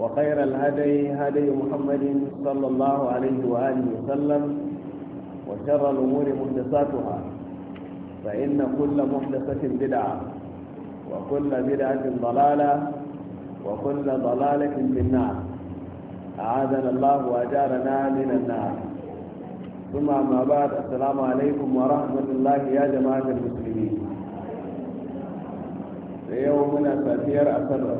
وخير الهدي هدي محمد صلى الله عليه وآله وسلم وشر الأمور محدثاتها فإن كل محدثة بدعة وكل بدعة ضلالة وكل ضلالة في النار أعاذنا الله وأجارنا من النار ثم أما بعد السلام عليكم ورحمة الله يا جماعة المسلمين ليومنا يومنا سفير أسرر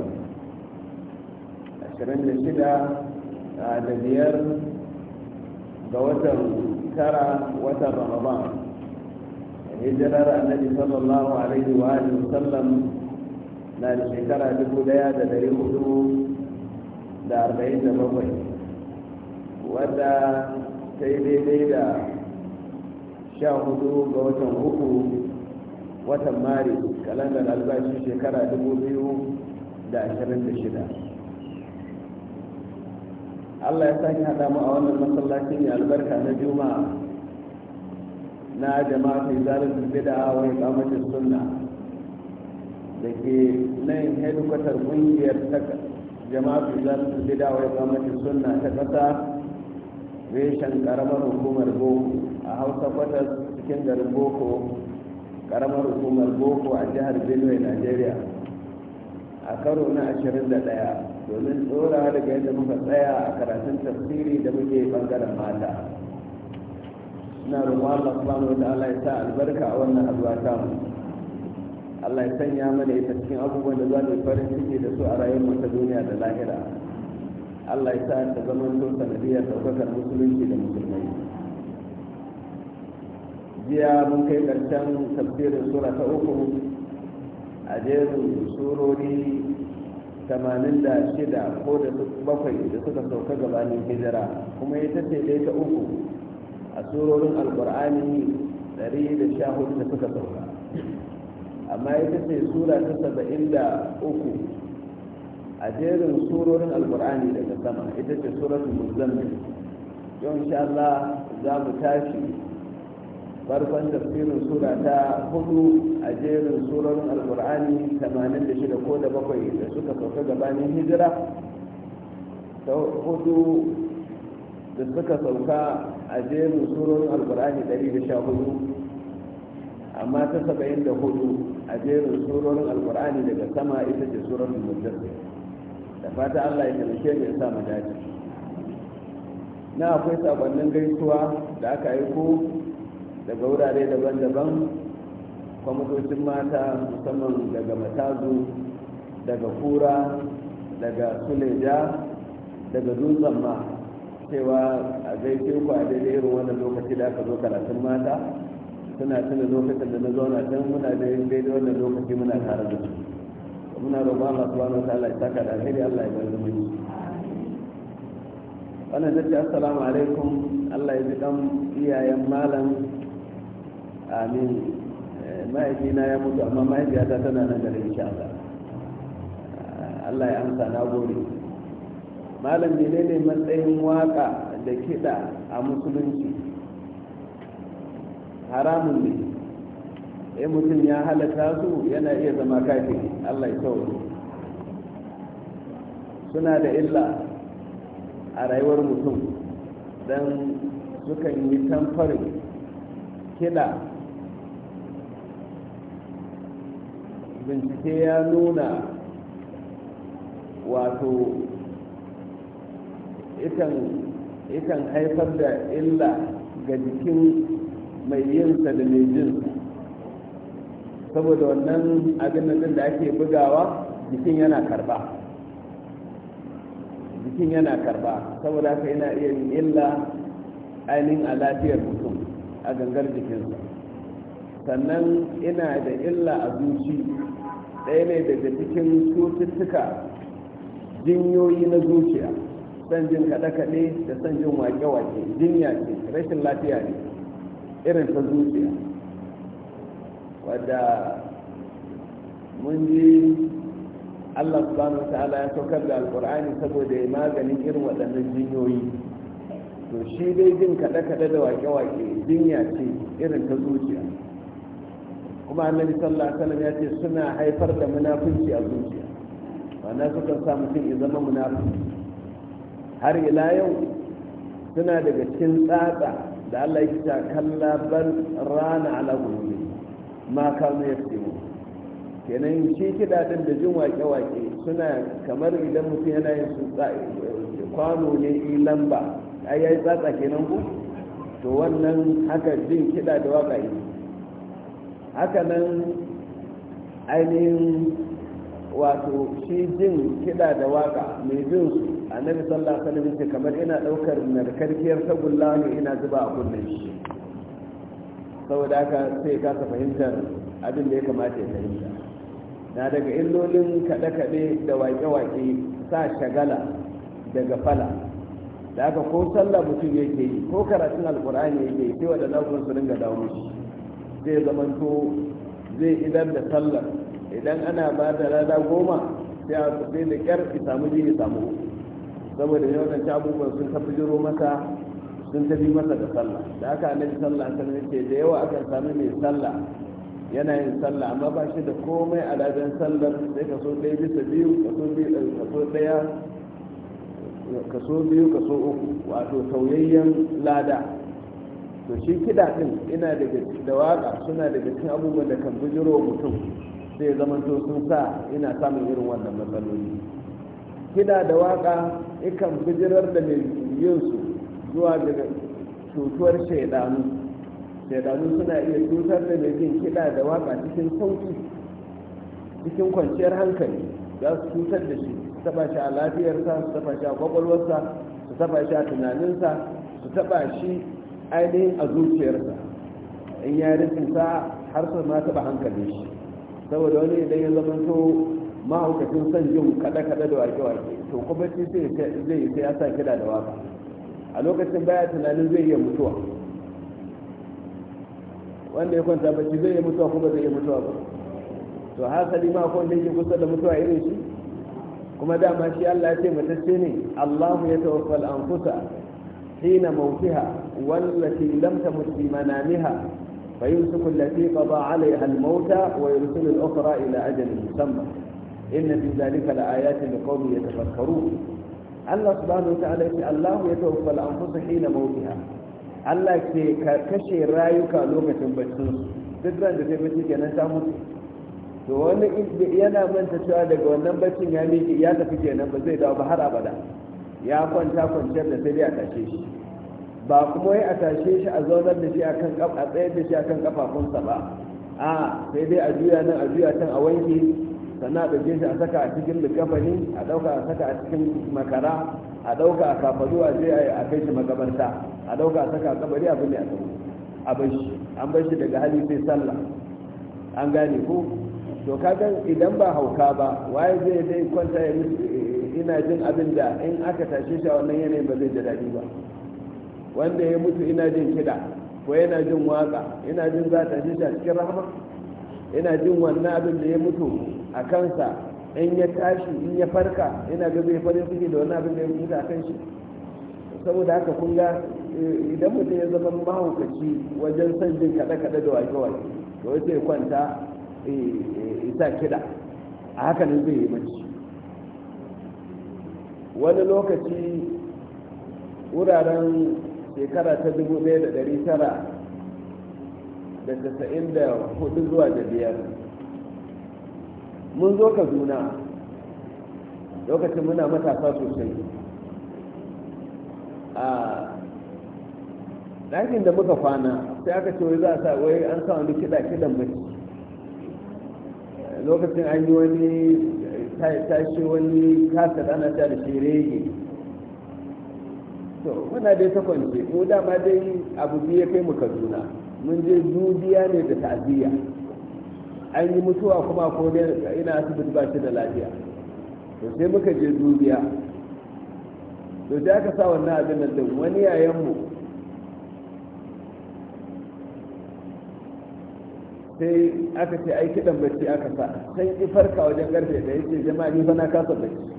ashirin da shida ah, da biyar ga watan tara watan ramadan hijirar annabi sallallahu alaihi wa alihi wasallam na da shekara dubu daya da dari hudu da arba'in da bakwai wadda ta yi daidai da sha hudu ga watan uku watan maris kalandar albashi shekara dubu biyu da ashirin da shida Allah ya sani haɗa mu a wannan masallaci ya albarka na juma'a na jama'a fi zalin bid'a wa iqamatis sunna da ke nan hedikwatar ƙungiyar ta jama'a fi zalin bid'a wa iqamatis sunna ta ƙasa reshen ƙaramar hukumar boko a hausa kwata cikin garin boko ƙaramar hukumar boko a jihar benue nigeria a karo na ashirin da ɗaya. domin tsora daga yadda muka tsaya a karatun tafsiri da muke bangaren mata ina roƙon Allah subhanahu Allah ya sa albarka a wannan azuwa ta mu Allah ya sanya mana ita cikin abubuwan da za mu farin ciki da su a rayuwar ta duniya da lahira Allah ya sa ta zama to sanadiyar ɗaukakar musulunci da musulmai jiya mun kai karshen tafsirin sura ta uku a jerin surori tamanin da shida ko da bakwai da suka sauka gabanin hijira kuma ita ce dai ta uku a surorin alkur'ani dari da sha hudu da suka sauka amma ita ce sura ta saba'in da uku a jerin surorin alkur'ani daga sama ita ce suratul muzammil yau insha Allah za mu tashi farkon tafsirin sura ta hudu a jerin surorin alkur'ani 86 ko da bakwai da suka sauka gabanin hijira ta hudu da suka sauka a jerin surorin alkur'ani 114 amma ta 74 a jerin surorin alkur'ani daga sama ita ce surar mujassir da fata allah ya taimake mu ya sa mu dace na akwai sakonnin gaisuwa da aka aiko daga wurare daban-daban kwamitocin mata musamman daga matazu daga kura daga suleja daga dutsen ma cewa a fi ku a daidai irin wannan lokaci da aka zo karatun mata suna tuna lokacin da na zauna can muna da daidai wannan lokaci muna tare da su muna roƙon Allah subhanahu wataala ya saka da alheri Allah ya bar zumunci wannan zai assalamu alaikum Allah ya ji dan iyayen malam amin eh, mahaifina ya mutu amma mahaifiyata tana nan da insha Allah eh, Allah ya amsa na gobe. malam menene matsayin waka da kiɗa a musulunci haramun ne in mutum ya halatta su yana iya zama kafi. Allah ya kawo suna da illa a rayuwar mutum don sukan yi tamfarin kiɗa bincike ya nuna wato ikan haifar da illa ga jikin mai yinsa da mai saboda wannan abin da ake bugawa jikin yana karba jikin yana karba saboda haka yana iya yin illa ainihin a lafiyar mutum a gangar jikinsa sannan ina da illa a zuci ɗaya ne daga cikin cututtuka jinyoyi na zuciya san jin kaɗe-kaɗe da san jin wake-wake jinya ce rashin lafiya ne irin ta zuciya wadda mun ji allah subhanahu wa ta'ala ya saukar da alkur'ani saboda ya maganin irin waɗannan jinyoyi to shi dai jin kaɗe-kaɗe da wake-wake jinya ce irin ta zuciya kuma annabi sallallahu alaihi wasallam ya ce suna haifar da munafunci a zuciya wanda suka sa mutum ya zama munafiki har ila yau suna daga cikin tsatsa da Allah ya ta kalla ban rana ala gumi ma kanu mu. kenan shi kida din da jin wake wake suna kamar idan mutum yana yin su kwano ne lamba ai yi tsatsa kenan ku to wannan haka jin kida da waka yi haka nan ainihin wato shi jin kiɗa da waka mai jin su a sallallahu alaihi wasallam ce kamar ina daukar narkarkiyar tagulla ne ina zuba a kunne shi saboda haka sai kasa fahimtar abin da ya kamata ya fahimta na daga illolin kaɗe-kaɗe da waƙe-waƙe sa shagala daga fala da haka ko sallah mutum yake yi ko karatun alkur'ani yake yi sai waɗannan su ringa dawo shi zai zamanto zai idan da sallar idan ana ba da rana goma sai a tsaye da kyar ki samu ji ki samu saboda yau da abubuwan sun tafi jiro masa sun tafi masa da sallah da aka annabi sallah ta yake da yawa akan samu mai sallah yana yin sallah amma ba shi da komai a ladan sallar sai kaso ɗaya bisa biyu kaso biyu eh, kaso ɗaya kaso biyu kaso uku wato tauyayyen lada to shi kiɗa ɗin ina daga da waƙa suna daga cikin abubuwan da kan bujiro mutum sai to sun sa ina samun irin wannan matsaloli kiɗa da waƙa ikan bijirar da mai yin su zuwa daga cutuwar shaidanu shaidanu suna iya cutar da mai yin kiɗa da waƙa cikin sauƙi cikin kwanciyar hankali za su cutar da shi su taɓa shi a lafiyarsa su taɓa shi a kwakwalwarsa su taɓa shi a tunaninsa su taɓa shi ainihin a zuciyarsa in ya yi rikinsa har sun ma taɓa hankali shi saboda wani idan ya zama to mahaukacin son jin kaɗe-kaɗe da wake-wake to kuma shi zai yi sai ya sa kiɗa da waka a lokacin baya tunanin zai iya mutuwa wanda ya kwanta bacci zai iya mutuwa kuma zai iya mutuwa ba to hasali ma ko wanda yake kusa da mutuwa irin shi kuma dama shi Allah ya ce matacce ne Allahu ya tawaffal anfusa حين موتها والتي لم تمت في منامها فيمسك التي قضى عليها الموت ويرسل الأخرى إلى أجل مسمى إن في ذلك لآيات لقوم يتفكرون الله سبحانه وتعالى الله يتوفى الأنفس حين موتها Allah ke kashe rayuka lokacin baccin duk da sai bacci kenan ta mutu to wani yana manta cewa daga wannan baccin ya miƙe ya tafi kenan ba zai dawo ba har abada ya kwanta kwanciyar da sai a tashe shi ba kuma ya a tashe shi a zaunar da shi a kan kafa tsayar da shi a kan kafafunsa ba a sai dai a juya nan a juya can a wanke sannan a ɗauke shi a saka a cikin likafani a ɗauka a saka a cikin makara a ɗauka a kafadu a je a kai shi makabarta a ɗauka a saka a kabari abin ne a a bar shi an bar shi daga hali sai sallah an gane ko to kaga idan ba hauka ba waye zai dai kwanta ya ina jin abin da in aka tashe shi a wannan yanayin ba zai ji daɗi ba wanda ya mutu ina jin kiɗa ko yana jin waka ina jin za ta shi a cikin rahama ina jin wannan abin da ya mutu a kansa in ya tashi in ya farka ina ga zai farin ciki da wannan abin da ya mutu a kan shi saboda haka kun ga eh, idan mutum ya zama mahaukaci wajen son jin kaɗe-kaɗe da wake-wake to ya kwanta isa eh, eh, kiɗa a haka ne zai yi mace wani lokaci wuraren shekara ta 1994 zuwa da biyar mun zo kaduna lokacin muna matasa sosai a ɗakin da muka kwana sai aka ce wai za a sa wai an sa wani kiɗa kiɗan mace lokacin an yi wani ta tashi wani kasa ana ta da shi rege to muna dai ta kwance mu dama dai abu biya kai mu kaduna mun je dubiya ne da ta'aziyya an yi mutuwa kuma ko dai ina asibiti ba shi da lafiya to sai muka je dubiya to sai aka sa wannan abin nan din wani yayan mu sai aka ce ai kidan bacci aka sa sai ki farka wajen garfe da yake jama'a ni fa na kasa bacci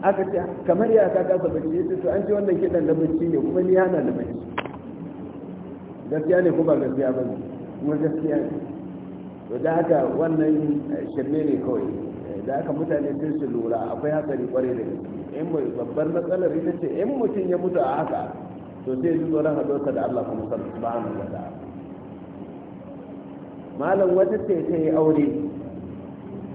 aka ce kamar ya ka kasa bacci yace to an ce wannan kiɗan da bacci ne kuma ni yana da bacci gaskiya ne ko ba gaskiya ba ne kuma gaskiya ne to da haka wannan shirme ne kawai da haka mutane sun su lura akwai hatsari kwarai da gaske in mai babbar matsalar ita ce in mutum ya mutu a haka to sai ji tsoron haɗuwarsa da Allah kuma subhanahu wa ta'ala malam wata ce ta yi aure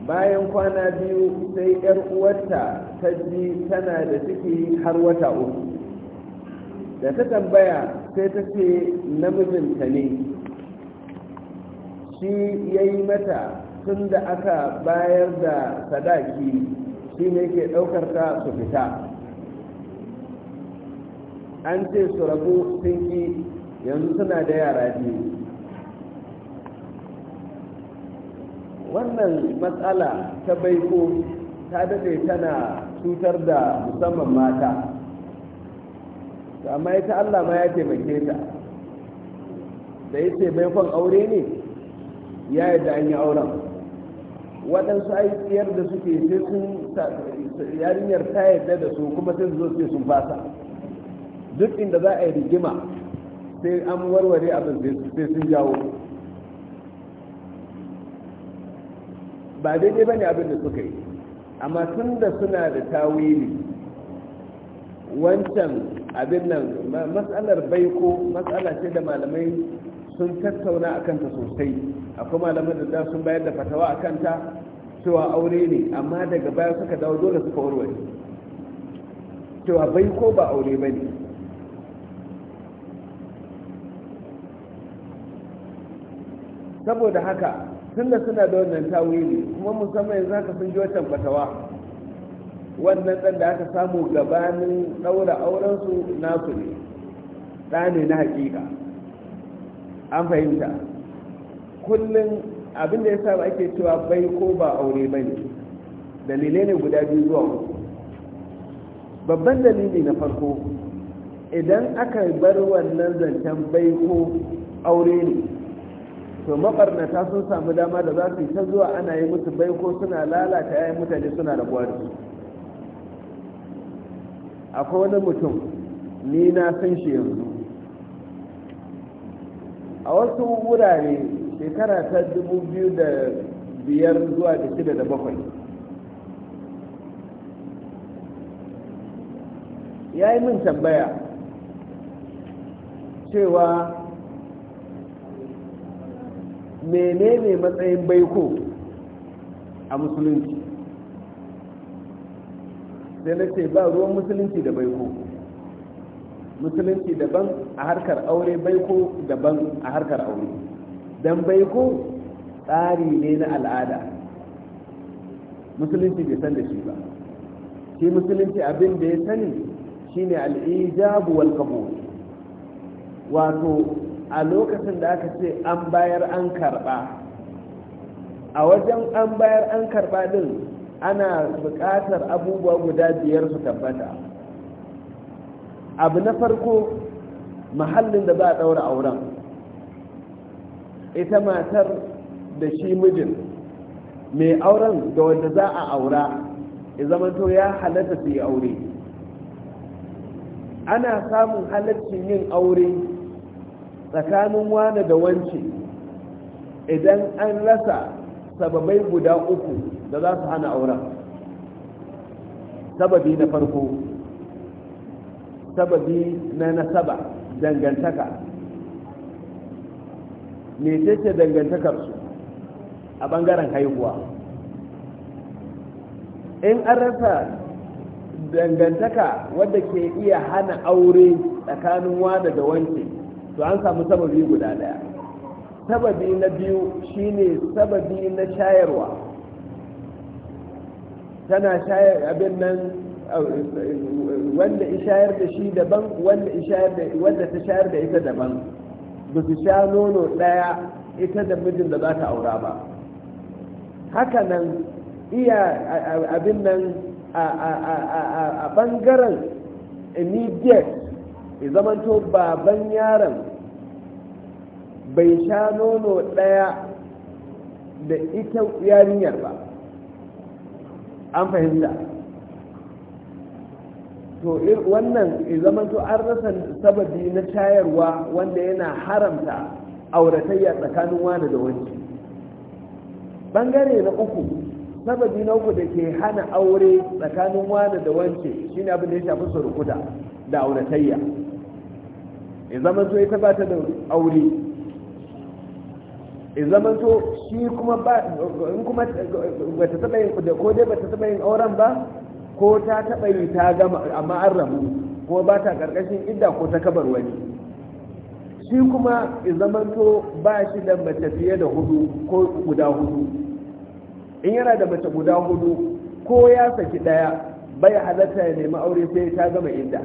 bayan kwana biyu sai yar uwarta ta ji tana da ciki har wata uku da ta tambaya sai ta ce namijinta ne shi ya yi mata tun da aka bayar da sadaki shi ne ke ɗaukar ta su fita an ce su rabu sun yanzu suna da yara biyu wannan matsala ta baiko ta daɗe tana cutar da musamman mata amma ita allah ma ya taimake ta da ya ce aure ne ya yadda an yi auren waɗansu aikiyar da suke sai sun yarinyar ta yadda da su kuma sai zo sai sun fasa duk inda za a yi rigima sai an warware abin sai sun jawo ba daidai ba ne abin da suka yi amma tun da suna da tawili wancan abin nan matsalar baiko matsala ce da malamai sun tattauna a kanta sosai akwai malamai da sun bayar da fatawa a kanta cewa aure ne amma daga baya suka dawo dole suka warware cewa baiko ba aure ba ne saboda haka tunda suna da wannan tawili kuma musamman yanzu haka sun ji wancan fatawa wannan ɗan da aka samu gabanin ɗaura aurensu nasu ne ɗa ne na haƙiƙa an fahimta kullum abin da ya sa ake cewa bai ko ba aure ba ne dalilai ne guda biyu zuwa uku babban dalili na farko idan aka bar wannan zancen bai ko aure ne to makarnata sun samu dama da za su yi ta zuwa ana yi musu ko suna lalata yayin mutane suna da su akwai wani mutum ni na san shi yanzu a wasu wurare shekara ta dubu biyu da biyar zuwa da shida da bakwai ya yi min tambaya cewa menene matsayin baiko a musulunci sai na ce ba ruwan musulunci da baiko musulunci daban a harkar aure baiko daban a harkar aure don baiko tsari ne na al'ada musulunci bai san da shi ba shi musulunci abin da ya sani shine al'ijabu wal qabul wato a lokacin da aka ce an bayar an karba a wajen an bayar an karba din ana buƙatar abubuwa guda biyar su tabbata abu na farko mahallin da za a ɗaura auren ita matar da shi mijin mai auren da wanda za a aura ya zamanto ya halatta su yi aure ana samun halaccin yin aure tsakanin wane da wance idan an rasa sababai guda uku da za su hana auren sababi na farko sababi na nasaba dangantaka mecece dangantakarsu a bangaren haihuwa in an rasa dangantaka wadda ke iya hana aure tsakanin wani da wance to an samu sababi guda daya sababi na biyu shine sababi na shayarwa tana shayar abin nan wanda ishayar da shi daban wanda ishayar da wanda ta shayar da ita daban ba su sha nono daya ita da mijin da za ta aura ba haka nan iya abin nan a bangaren immediate ya zamanto baban yaron bai sha nono ɗaya da ita yarinyar ba an fahimta to wannan ya zamanto an rasa sababi na shayarwa wanda yana haramta auratayya tsakanin wani da wani bangare na uku sababi na uku da ke hana aure tsakanin wani da wance shine abin da ya shafi surukuta da auratayya in zama ita ba da aure in zama shi kuma in kuma ba ta taba yin ko dai ba ta taba yin auren ba ko ta taba yi ta gama amma an rabu ko ba ta karkashin idda ko ta kabar wani shi kuma in zama to ba shi da mace fiye da hudu ko guda hudu in yana da mace guda hudu ko ya saki daya bai halatta ya nemi aure sai ta gama idda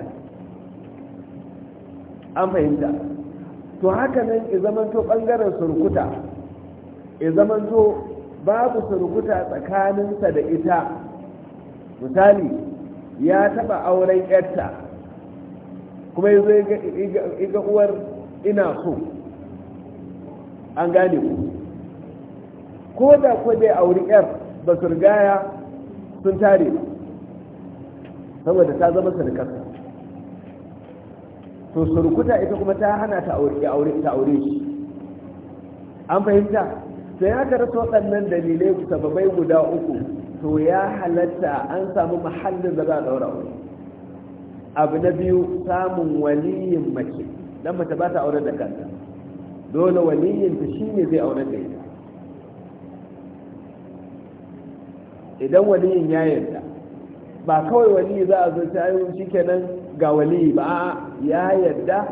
an fahimta to haka nan ya to bangaren surkuta ya to babu surkuta tsakaninsa da ita misali ya taba auren yarta kuma ya ga uwar ina so an gane ku ko da ko dai auri yar ba surgaya sun tare saboda ta zama sadakarsa to surkuta ita kuma ta hana ta aure ta aure shi an fahimta sai aka rasa waɗannan dalilai sababai guda uku to ya halatta an samu mahallin da za a daura aure abu na biyu samun waliyin mace dan mace ba ta aure da kanta dole waliyin ta shine zai aure da ita idan waliyin ya yarda ba kawai wali za a zo ta yi shi kenan ga wali ba ya yadda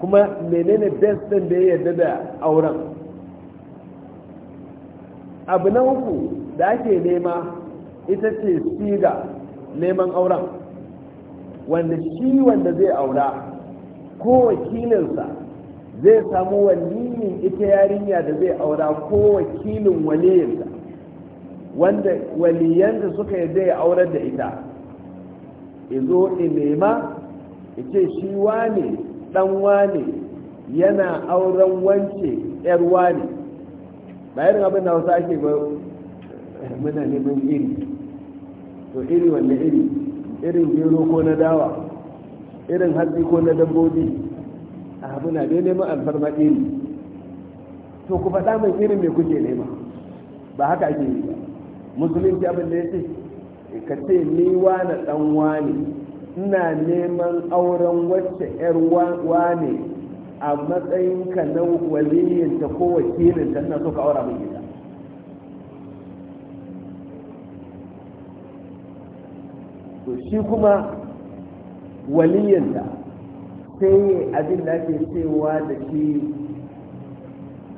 kuma menene best din da ya yadda da auren abu na uku da ake nema ita ce siga neman auren wanda shi wanda zai aura ko wakilinsa zai samu waliyin ita yarinya da zai aura ko wakilin waliyinsa wanda waliyanta suka yadda ya aurar da ita izo nema ce shi wane dan wane yana auren wance yar wane bayan abin da wasu ake ba muna neman iri to iri wanne iri irin gero ko na dawa irin hatsi ko na dabbobi a muna dai neman alfarma iri to ku faɗa mai irin me kuke nema ba haka ake yi ba musulunci abin da ya ce eh, ka ce ni wane dan wane ina neman auren wacce yar wane a matsayin ka na waliyinta ko ta ina so ka aura mai gida to shi kuma waliyyanta sai abin da ake cewa da shi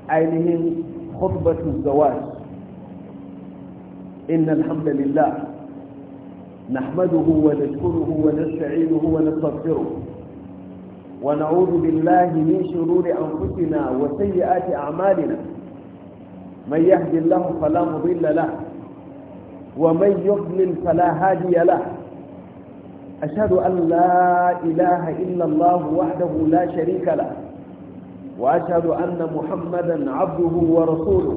ainihin khutbatu zawaj إن الحمد لله نحمده ونشكره ونستعينه ونستغفره ونعوذ بالله من شرور أنفسنا وسيئات أعمالنا من يهدي الله فلا مضل له ومن يضلل فلا هادي له أشهد أن لا إله إلا الله وحده لا شريك له وأشهد أن محمدا عبده ورسوله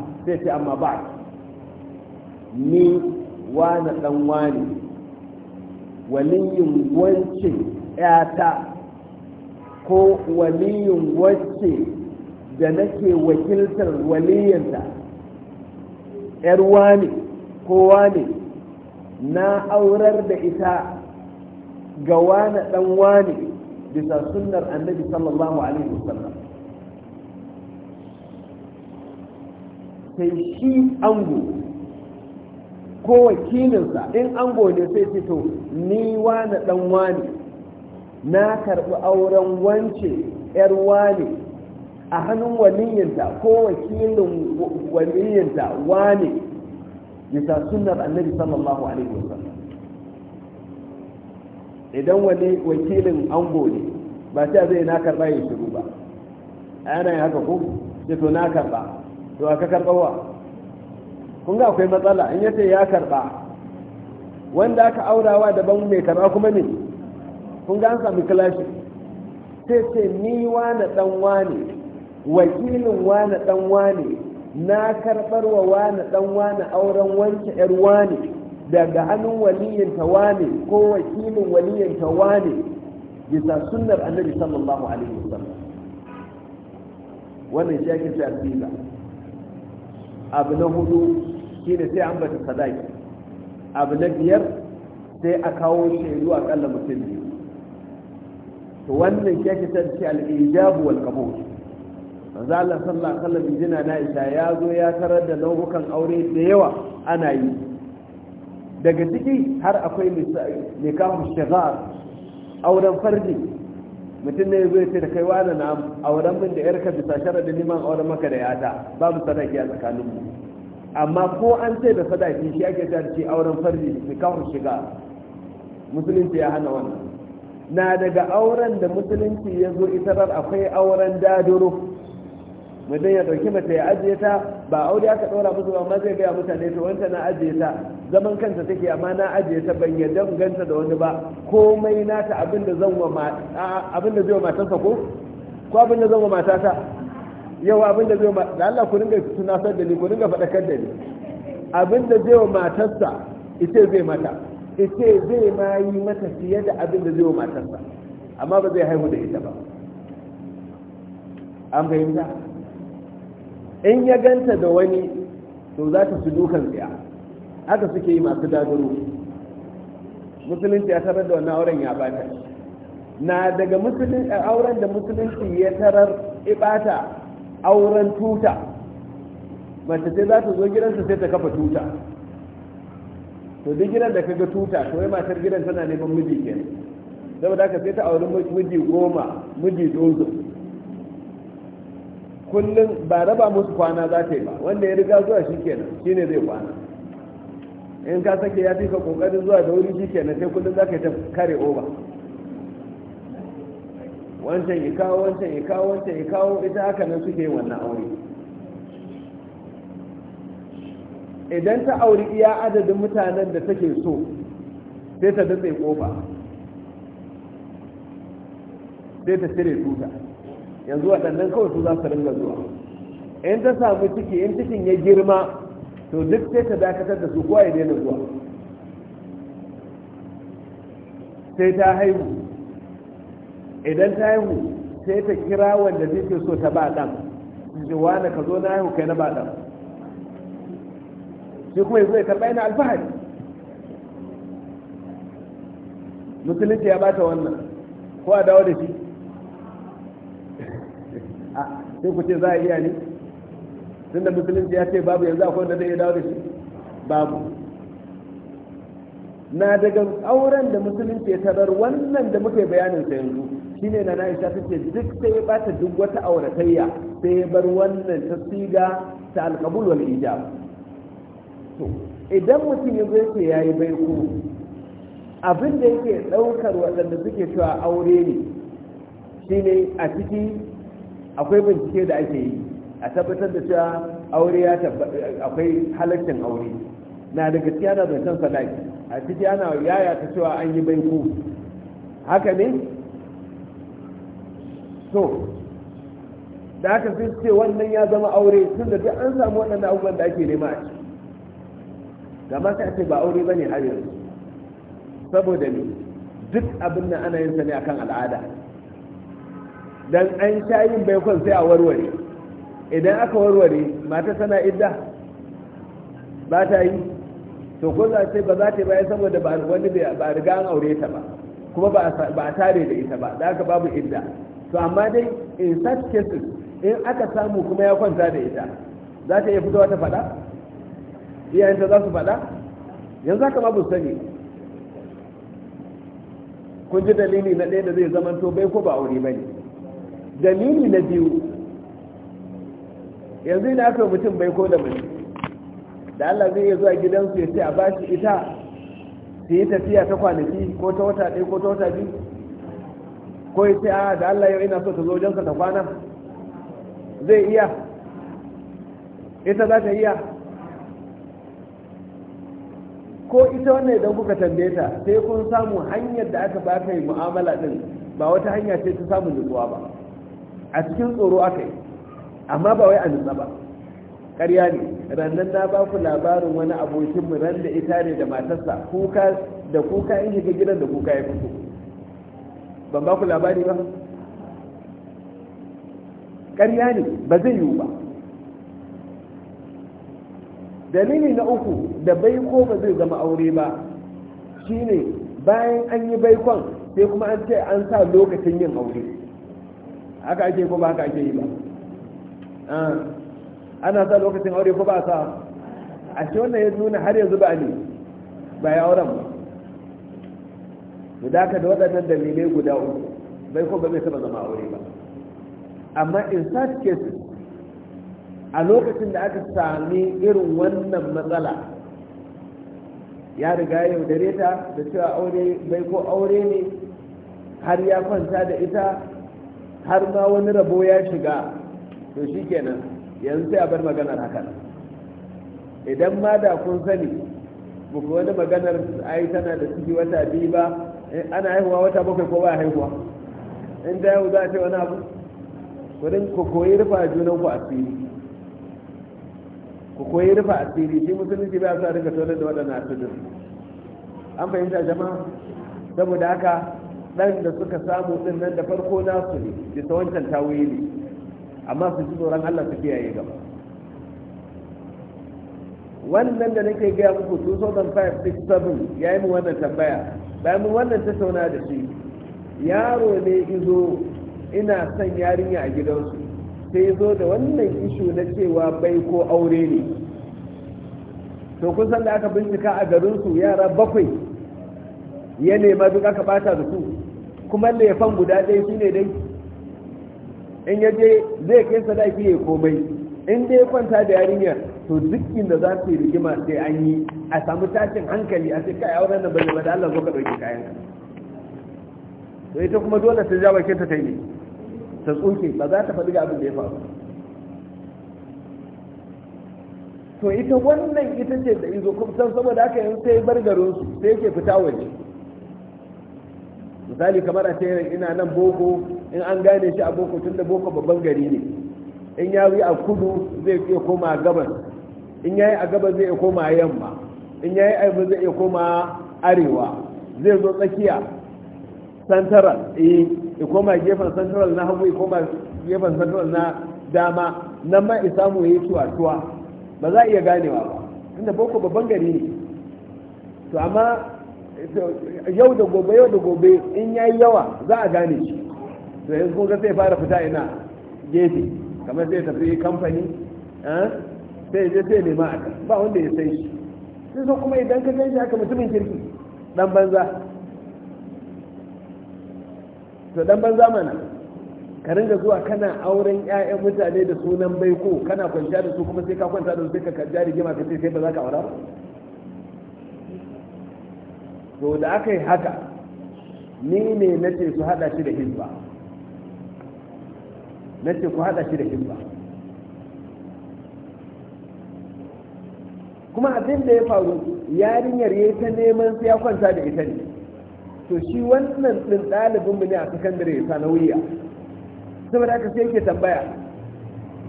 sai ce amma ba ni wani dan wani waliyin wance yata ko waliyin wacce da nake wakiltar waliyanta ƴar wani ko wani na aurar da ita ga wani dan wani bisa sunnar annabi sallallahu alaihi wasallam sai shi ango ko wakilinsa in ango ne sai ce to ni wani dan wani na karɓi auren wance yar wani a hannun waliyinta ko wakilin waliyinta wani bisa sunnar annabi sallallahu alaihi wasallam idan wani wakilin ango ne ba sai zai na karɓa ya shiru ba ana yin haka ko sai to na karɓa to aka karɓarwa kun ga akwai matsala in yace ya karɓa wanda aka aurawa daban mai karba kuma ne kun ga an samu kilashi sai ce ni na dan wane wakilin na dan wane na karɓarwa na dan wane auren wanke ‘yar wane daga hannun ta wane ko wakilin ta wane bisa sunnar annabi sallallahu alaihi wasallam wannan shi ake ce a abu na hudu shi ne sai ambata sadaki abu na biyar sai a kawo shaidu kalla mutum biyu to wannan ke ke san ce al'ijabu wal qabul manzo Allah sallallahu alaihi wasallam jina na isa ya zo ya tarar da nau'ukan aure da yawa ana yi daga ciki har akwai nikahu shigar auren fardi mutum ne zai ce da kai wani na auren min da yarka bisa shara da liman auren maka da yata babu sadaki a tsakanin mu amma ko an ce da sadaki shi ake ta ce auren farji ne kawai shiga musulunci ya hana wannan na daga auren da musulunci ya zo itarar akwai auren dadoro mutum ya dauki mace ya ajiye ta ba aure aka ɗora musu amma zai gaya mutane to wanta na ajiye ta zaman kanta take amma na ajiye ta ban yadda ganta da wani ba komai nata abin da zan wa abin da zai wa matarsa ko ko abin da zan wa matata yau abin da zai wa da Allah ku dinga tunasar da ni ku dinga faɗakar da ni abin da zai wa matarsa ita zai mata ita zai ma yi mata fiye da abin da zai wa matarsa amma ba zai haihu da ita ba an fahimta in ya ganta da wani to za ta ci dukan tsaya haka suke yi masu dadaro. musulunci ya tarar da wannan auren ya bata na daga eh, auren da musulunci ya tarar ibata auren tuta mace sai za ta zo gidansa sai ta kafa tuta to duk gidan da kaga tuta to wai matar gidan tana neman miji kenan saboda haka sai ta auri miji goma miji dozo kullum ba raba musu kwana za ta yi ba wanda ya riga zuwa shi kenan shi ne zai kwana in ka sake ya fi ka kokarin zuwa da wuri shi kenan sai kullum za ka yi ta kare oba wancan ya kawo wancan ya kawo wancan ya kawo ita haka nan suke yi wannan aure idan ta auri iya adadin mutanen da take so sai ta datse kofa sai ta cire tuta yanzu waɗannan kawai su za su ringa zuwa in ta samu ciki in cikin ya girma to duk sai ta dakatar da su kowa ya daina zuwa sai ta haihu idan ta haihu sai ta kira wanda take so ta ba ɗan jiwa da ka zo na haihu kai na ba ɗan shi kuma yanzu ya karɓa yana alfahari musulunci ya bata wannan ko a dawo da shi a sai ku ce za a iya ne tun da musulunci ya ce babu yanzu akwai wanda zai iya dawo da shi babu na daga auren da musulunci ya tarar wannan da muke bayanin sa yanzu shine na ta ce duk sai ya bata duk wata auratayya sai ya bar wannan ta siga ta alkabul wal ijab to idan mutum ya ke ya yayi baiko abin da yake daukar waɗanda suke cewa aure ne shine a ciki akwai bincike da ake yi a tabbatar da cewa aure ya akwai halaccin aure na da gaskiya na zancen salaki a ciki ana yaya ta cewa an yi banku haka ne so da aka fi ce wannan ya zama aure tun da duk an samu waɗanda abubuwan da ake nema a ciki gama sai ce ba aure ba ne har yanzu saboda ne duk abin nan ana yin sa ne akan al'ada dan an sha yin baikon sai a warware idan aka warware mata tana idda ba ta yi to ko za ta ba za ta bayan saboda ba wani ba riga an aure ta ba kuma ba a tare da ita ba da haka babu idda to amma dai in such cases in aka samu kuma ya kwanta da ita za ta iya fito ta faɗa iyayenta za su faɗa yanzu haka babu sani kun ji dalili na ɗaya da zai zamanto bai ko ba aure ba ne dalili na biyu yanzu ina aka mutum bai ko da mace da Allah zai iya zuwa gidansu ya ce a bashi ita su yi tafiya ta kwanaki ko ta wata ɗaya ko ta wata biyu ko ya ce a da Allah yau ina so ta zo wajensa ta kwana zai iya ita za ta iya ko ita wannan idan kuka tambaye ta sai kun samu hanyar da aka baka yi mu'amala din ba wata hanya ce ta samun nutsuwa ba a cikin tsoro aka yi amma ba wai a nutsa ba ƙarya ne rannan na ba ku labarin wani abokin mu ran da ita ne da matarsa kuka da kuka in shiga gidan da kuka ya fito ban ba ku labari ba ƙarya ne ba zai yiwu ba dalili na uku da bai ko ba zai zama aure ba shine bayan an yi baikon sai kuma an ce an sa lokacin yin aure haka ake ko ba haka ake yi ba ah, ana sa lokacin aure ko ba sa a ce wannan ya nuna har yanzu ba ne ba ya auren ba guda ka da waɗannan dalilai guda uku bai ko ba mai saba zama aure ba amma in such cases a lokacin da aka sami irin wannan matsala ya riga yaudare ta da cewa aure bai ko aure ne har ya kwanta da ita har ma wani rabo ya shiga to shi kenan yanzu sai a bar maganar haka idan ma da kun sani buku wani maganar ai tana da ciki wata biyu ba eh, ana haihuwa wata bakwai ko ba haihuwa in da yau za a ce wani abu wurin ku koyi rufa junan ku asiri ku koyi rufa asiri shi musulunci ba su a rika tonar da waɗannan asirin an fahimta jama'a saboda haka ɗan da suka samu ɗin nan da farko nasu ne ta wancan tawili amma su ji tsoron Allah su kiyaye gaba wannan da nake gaya muku 2567 67 ya yi mu wannan tambaya bayan mu wannan tattauna da shi yaro ne izo ina son yarinya a gidansu sai zo da wannan ishu na cewa bai ko aure ne to kusan da aka bincika a garinsu yara bakwai ya nema duk aka bata da su kuma laifan guda ɗaya ne dai in ya je zai kai sadaki ya komai in dai kwanta da yarinyar to dukkin da za su yi rigima sai an yi a samu tashin hankali a sai kai auren nan bane ba da Allah zo ka dauki kayan ka to ita kuma dole ta jawo kinta ta yi ne ta tsoke ba za ta faɗi ga abin da ya faru to ita wannan ita ce da izo kuma san saboda haka yanzu sai bar garin su sai yake fita waje misali kamar a ce ina nan boko in an gane shi a boko tun da boko babban gari ne in ya yi a kudu zai iya koma gabas in ya yi a gabas zai iya koma yamma in ya yi aibu zai iya koma arewa zai zo tsakiya central eh ya koma gefen central na hagu ya koma gefen central na dama nan ma isa mu yi tuwa-tuwa ba za a iya ganewa ba tunda boko babban gari ne to amma yau da gobe yau da gobe in ya yi yawa za a gane shi to yanzu kun zai fara fita ina gefe kamar zai tafi kamfani eh? sai je sai nema a kan ba wanda ya sai shi sai so kuma idan ka ganshi haka mutumin kirki dan banza to dan banza mana ka ringa zuwa kana auren ƴaƴan mutane da sunan baiko kana kwanciya da su kuma sai ka kwanta da su sai ka karja rigima ka ce sai ba za ka aura ba to da aka yi haka ni ne na ce su hada shi da hizba na ce ku hada shi da himba kuma abin da ya faru yarinyar ya ta neman su ya kwanta da ita ne to shi wannan ɗin mu ne a sakandare ya wuya saboda aka sai yake tambaya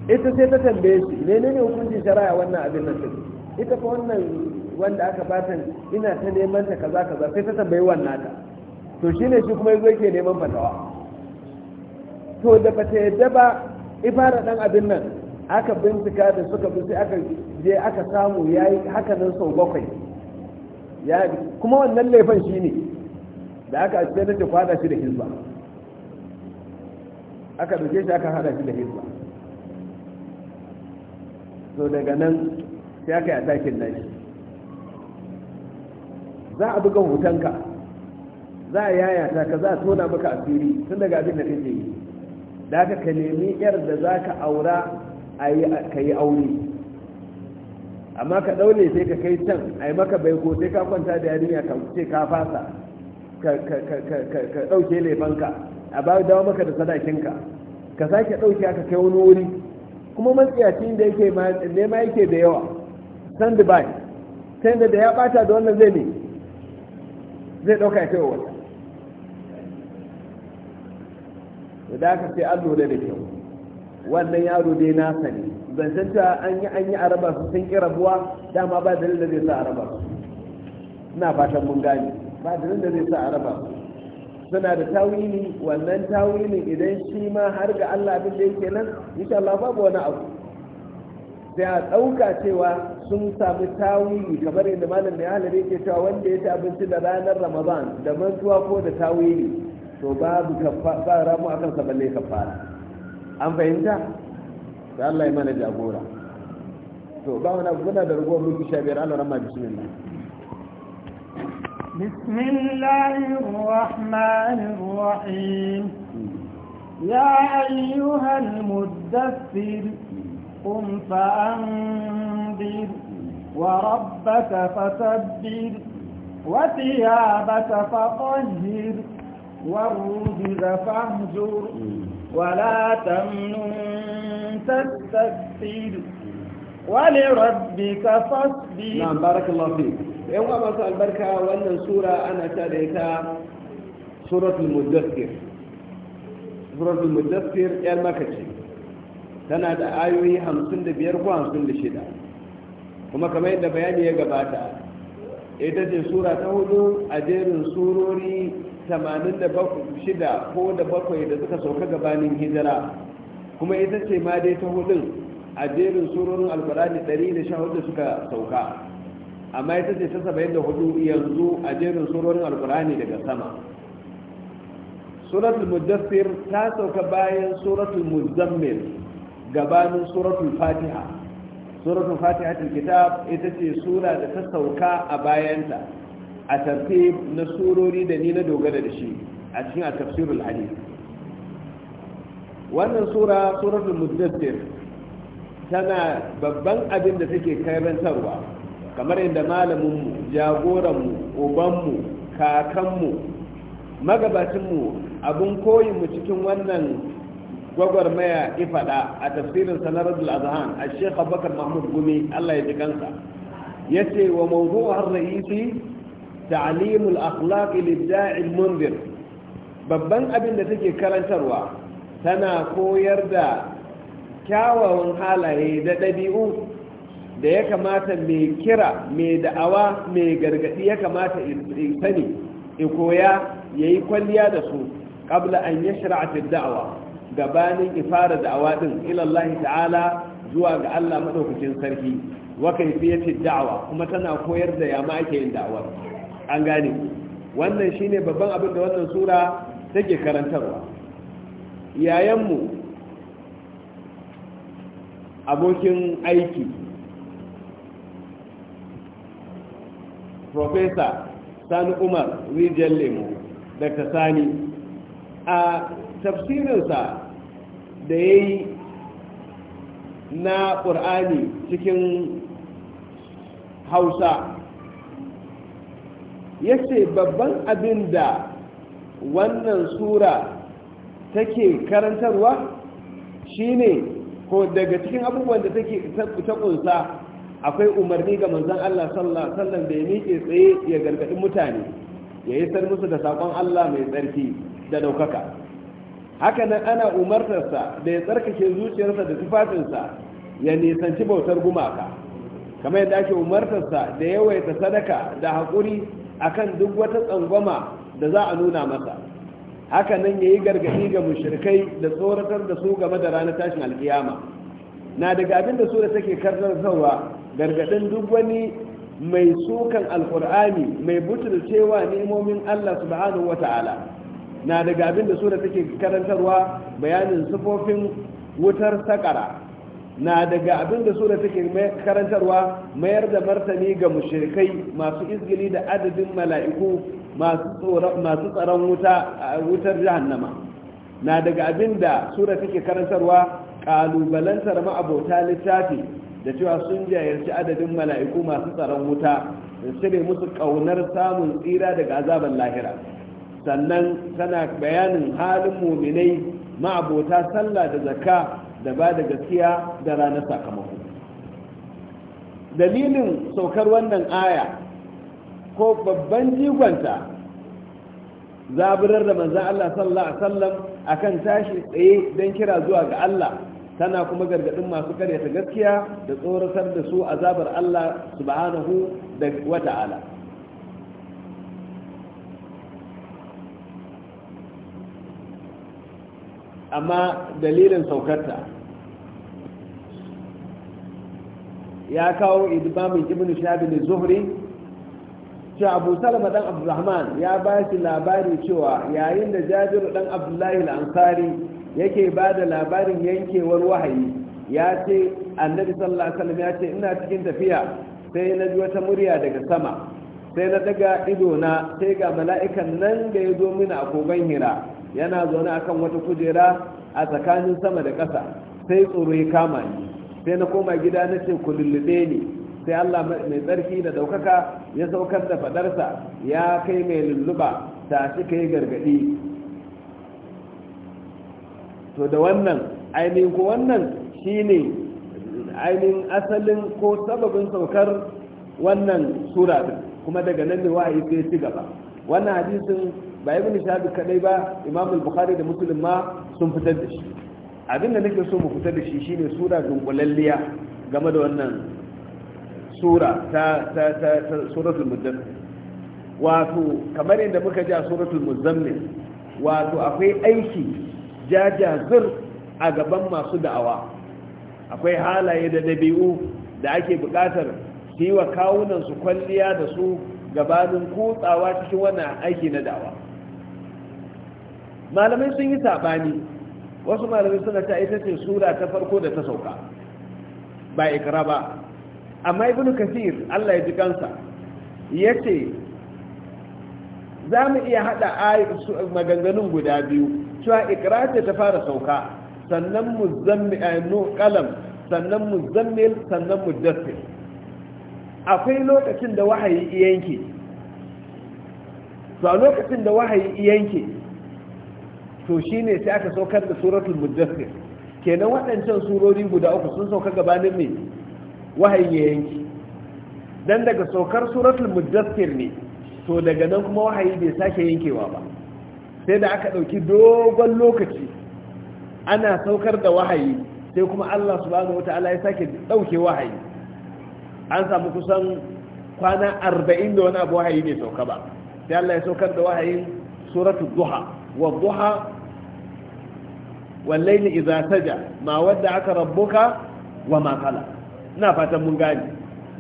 ita sai ta tambaye shi menene hukuncin shari'a wannan abin nan ita fa wannan wanda aka bata ina ta neman ta kaza kaza sai ta tambayi wannan ta to shine shi kuma yazo yake neman fatawa to da bata yadda ba ifara dan abin nan aka bincika da suka bi sai aka je aka samu yayi haka nan sau bakwai ya kuma wannan laifin shine da aka ce da kwada shi da hizba aka duke shi aka hada shi da hizba to daga nan sai aka yi atakin nashi za a buga hotonka za a yayata ka za a tona maka asiri tun daga abin da kake yi da haka ka nemi yar da za ka aura ka yi aure amma ka daule sai ka kai can a yi maka baiko sai ka kwanta da yarinya ka ce ka fasa ka ɗauke laifanka a ba dawo maka da sadakinka ka sake ɗauke aka kai wani wuri kuma matsiyacin da yake nema yake da yawa sandby ta da ya bata da wannan zai ne zai ɗauka ya kai wa wata da aka ce an lura da kyau wannan yaro dai na sani ta an yi an yi a raba su sun ƙi rabuwa dama ba dalil da zai sa a raba su ina fatan mun gane ba dalil da zai sa a raba su suna da tawili wannan tawilin idan shi ma har ga Allah abin da yake nan insha Allah babu wani abu sai a ɗauka cewa sun samu tawili kamar yadda malam mai halari ke cewa wanda ya ci abinci da ranar ramadan da mantuwa ko da tawili to babu kafara mu akan sa balle kafara an fahimta da Allah ya mana jagora to ba wani abu da rugo mu ki shabiyar Allah rama bismillah بسم hmm. ya الرحمن الرحيم يا أيها قم فأنذر وربك فكبر وثيابك فطهر والرجز فاهجر ولا تمنن تستكثر ولربك فاصبر نعم بارك الله فيك يوم ما سأل البركة وأن سورة أنا تاريكا سورة المدثر سورة المدثر يا المكتشف tana da ayoyi hamsin da biyar ko hamsin da shida kuma kamar yadda bayani ya gabata ita ce sura ta hudu a jerin surori 86 ko da bakwai da suka sauka gabanin hijira kuma ita ce ma dai ta hudun a jerin surorin alkurani 114 suka sauka amma ita ce ta 74 yanzu a jerin surorin alkurani daga sama suratul mujassir ta sauka bayan suratul muzammil gabanin suratul fatiha suratul fatiha ta kitab ita ce sura da ta sauka a bayanta a tartib na surori da ni na dogara da shi a cikin a tafsirul hadith wannan sura suratul muddathir tana babban abin da take karantarwa kamar mu malaminmu jagoranmu ubanmu kakanmu magabacinmu abin koyinmu cikin wannan gwagwarmaya faɗa a tafsirin sanarar azhan a sheikh abubakar mahmud gumi allah ya ji kansa ya ce wa mawdu'ar ra'isi ta'limul akhlaq lidda'i mundir babban abin da take karantarwa tana koyar da kyawawan halaye da ɗabi'u da ya kamata mai kira mai da'awa mai gargaɗi ya kamata sani in koya ya yi kwalliya da su ƙabla an yi shira'atar da'awa gabanin ifara da'awa din ilallahi ta'ala zuwa ga Allah madaukakin sarki wa kayfiyatin da'awa kuma tana koyar da ya ma ake yin da'awa an gane wannan shine babban abin da wannan sura take karantarwa yayanmu abokin aiki profesa sani umar rijiyar lemo dr sani a tafsirinsa da ya yi na ƙur'ani cikin hausa ya ce babban abin da wannan sura take karantarwa shine ko daga cikin abubuwan da take ta kunsa akwai umarni ga manzon Allah sallan da ya miƙe tsaye ya gargadin mutane ya yi sar musu da saƙon Allah mai tsarki da daukaka haka nan ana umartarsa da ya tsarkake zuciyarsa da tufafinsa ya nisanci bautar gumaka kamar yadda ake umartarsa da yawaita sadaka da haƙuri akan duk wata tsangwama da za a nuna masa haka nan ya yi gargaɗi ga mushrikai da tsoratar da su game da ranar tashin alkiyama na daga abin da sura take karnarwa gargaɗin duk wani mai sukan alkur'ani mai butulcewa nemomin allah subhanahu wa ta'ala na daga abin da sura take karantarwa bayanin sifofin wutar sakara na daga abin da sura take karantarwa mayar da martani ga mushrikai masu izgili da adadin mala'iku masu tsaron wutar jahannama na daga abin da sura take karantarwa kalubalantar ma'abota littafi da cewa sun jayarci adadin mala'iku masu tsaron wuta da cire musu kaunar samun tsira daga azaban lahira sannan tana bayanin halin muminai ma'abota sallah da zakka da ba da gaskiya da rana sakamako dalilin saukar wannan aya ko babban jigonta zaburar da manzan Allah sallallahu Alaihi wasallam akan tashi tsaye don kira zuwa ga Allah tana kuma gargadin masu karyata gaskiya da tsoratar da su azabar Allah subhanahu da wata'ala amma dalilin saukarta ya kawo idbamin ibn shabi zuhri cewa abu salama dan abdurrahman ya ba shi labari cewa yayin da jabiru dan abdullahi al-ansari yake ba da labarin yankewar wahayi ya ce annabi sallallahu alaihi wasallam ya ce ina cikin tafiya sai na ji wata murya daga sama sai na daga ido na sai ga mala'ikan nan da ya zo mini a kogon hira yana zaune a kan wata kujera a tsakanin sama da ƙasa sai tsoro ya kama ni sai na koma gida na ce ku lullube ni sai Allah mai tsarki da ɗaukaka ya saukar da faɗarsa ya kai mai lulluba ta shi kai gargaɗi to da wannan ainihin ko wannan shine ainihin asalin ko sababin saukar wannan sura kuma daga nan ne wa'ayi sai ci gaba wannan hadisin ba ibn shahabi kadai ba imam al-bukhari da muslim ma sun fitar da shi abinda nake so mu fitar da shi shine sura dunkulalliya game da wannan sura ta ta ta, suratul mudammil wato kamar yadda muka ji a suratul muzammil wato akwai aiki jajazir a gaban masu da'awa akwai halaye da dabi'u da ake buƙatar su yi wa kawunan su kwalliya da su gabanin kutsawa cikin wannan aiki na da'awa. malamai sun yi saɓani wasu malamai suna ta ita ce sura ta farko da ta sauka ba ikra ba amma ibn kasir Allah ya ji kansa ya ce za mu iya haɗa maganganun guda biyu cewa ikra ce ta fara sauka sannan mu zammi kalam eh, sannan mu zammil sannan mu dassir akwai lokacin da wahayi yanke to a lokacin da wahayi yanke to shi ne sai aka saukar da suratul mudaththir kenan waɗancan surori guda uku sun sauka gabanin ne wahayi ya yanki dan daga saukar suratul mudaththir ne to daga nan kuma wahayi bai sake yankewa ba sai da aka ɗauki dogon lokaci ana saukar da wahayi sai kuma Allah subhanahu wata'ala ya sake ɗauke wahayi an samu kusan kwana arba'in da wani abu wahayi bai sauka ba sai Allah ya saukar da wahayin suratul duha والضحى والليل إذا سجى ما ودعك ربك وما قلق ina fatan mun gane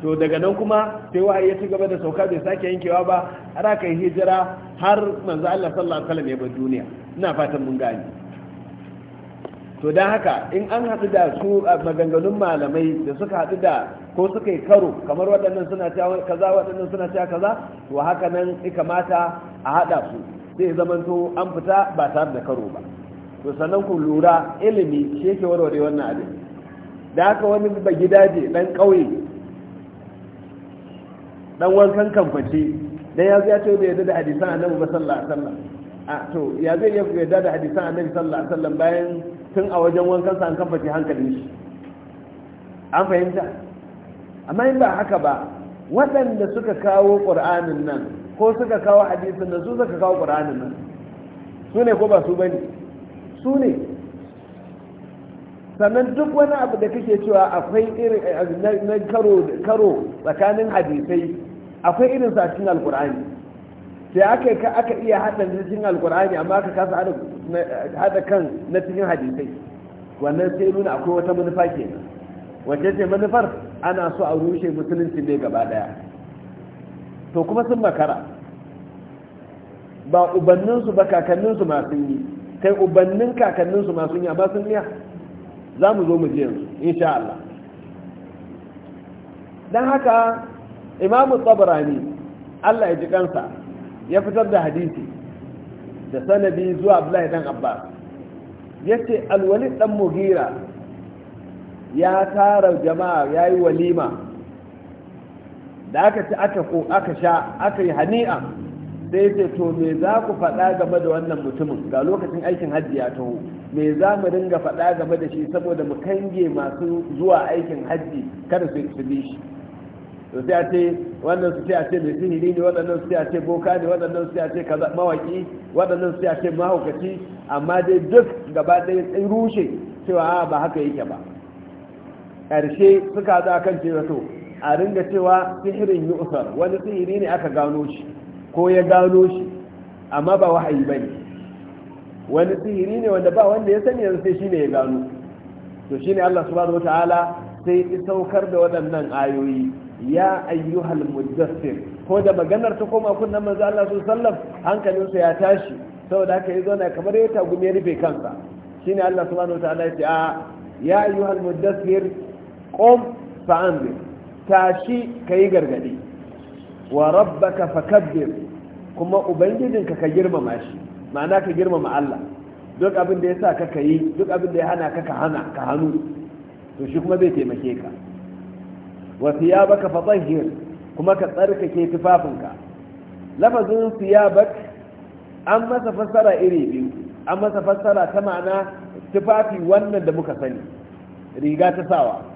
to daga nan kuma sai wahayi ya ci gaba da sauka bai sake yankewa ba har aka yi hijira har manzo Allah sallallahu alaihi wasallam ya bar duniya ina fatan mun gane to dan haka in an hadu da su maganganun malamai da suka hadu da ko suka yi karo kamar waɗannan suna cewa kaza waɗannan suna cewa kaza to haka nan ya kamata a haɗa su zai zamanto an fita ba tare da karo ba to sannan ku lura ilimi shi yake warware wannan abin da haka wani ba je dan kauye dan wankan kamfaci dan ya ya ce bai yarda da hadisan annabi ba sallallahu alaihi wasallam a to ya zai ya yarda da hadisan annabi sallallahu alaihi wasallam bayan tun a wajen wankan sa an kamfaci hankalin shi an fahimta amma in ba haka ba waɗanda suka kawo ƙur'anin nan ko suka kawo hadisin da su suka kawo ƙur'anin nan su ne ko ba su bane su ne sannan duk wani abu da kake cewa akwai irin eh, eh, na karo karo tsakanin hadisai akwai irin sa cikin alƙur'ani sai aka ka aka iya hada cikin alƙur'ani amma aka kasa hada kan na cikin hadisai wannan sai nuna akwai wata manufa kenan wacce ce manufar ana so a rushe musulunci ne gaba daya to kuma sun makara ba ubanninsu ba kakanninsu masu yi kai ubannin kakanninsu masu yi amma sun niya za mu zo mu je yanzu insha Allah dan haka imamu tsabarani Allah ya ji kansa ya fitar da hadisi da sanadi zuwa Abdullahi dan Abbas yace alwalid dan mugira ya tara jama'a ya yi walima da aka ci aka ko aka sha aka yi hani'a sai ce to me za ku faɗa game da wannan mutumin ga lokacin aikin hajji ya taho me za mu dinga faɗa game da shi saboda mu kange masu zuwa aikin hajji kada su su bi shi to sai a ce wannan su ce a ce mai sihiri ne waɗannan su ce a ce boka ne waɗannan su ce a ce kaza mawaki waɗannan su ce a ce mahaukaci amma dai duk gaba ɗaya sai rushe cewa a ba haka yake ba ƙarshe suka a kan cewa to a ringa cewa sihirin yi wani sihiri ne aka gano shi ko ya gano shi amma ba wahayi ba ne wani sihiri ne wanda ba wanda ya sani yanzu sai shi ne ya gano to shi ne allah subhanahu wataala sai saukar da waɗannan ayoyi ya ayyuhal mudaththir ko da maganar ta koma kunnan manzo allah hankalin hankalinsa ya tashi saboda haka ya na kamar ya tagumi ya rufe kansa shine allah subhanahu wataala ya ce a ya ayyuhal mudaththir qum fa'anzir tashi ka yi gargadi wa rabbaka fakabbir kuma ubangijinka ka girmama shi ma'ana ka girmama Allah duk abin da ya sa ka yi duk abin da ya hana ka ka hana ka hannu to shi kuma zai taimake ka wa thiyabaka fatahhir kuma ka tsarkake tufafinka lafazin thiyabak an masa fassara iri biyu an masa fassara ta ma'ana tufafi wannan da muka sani riga ta sawa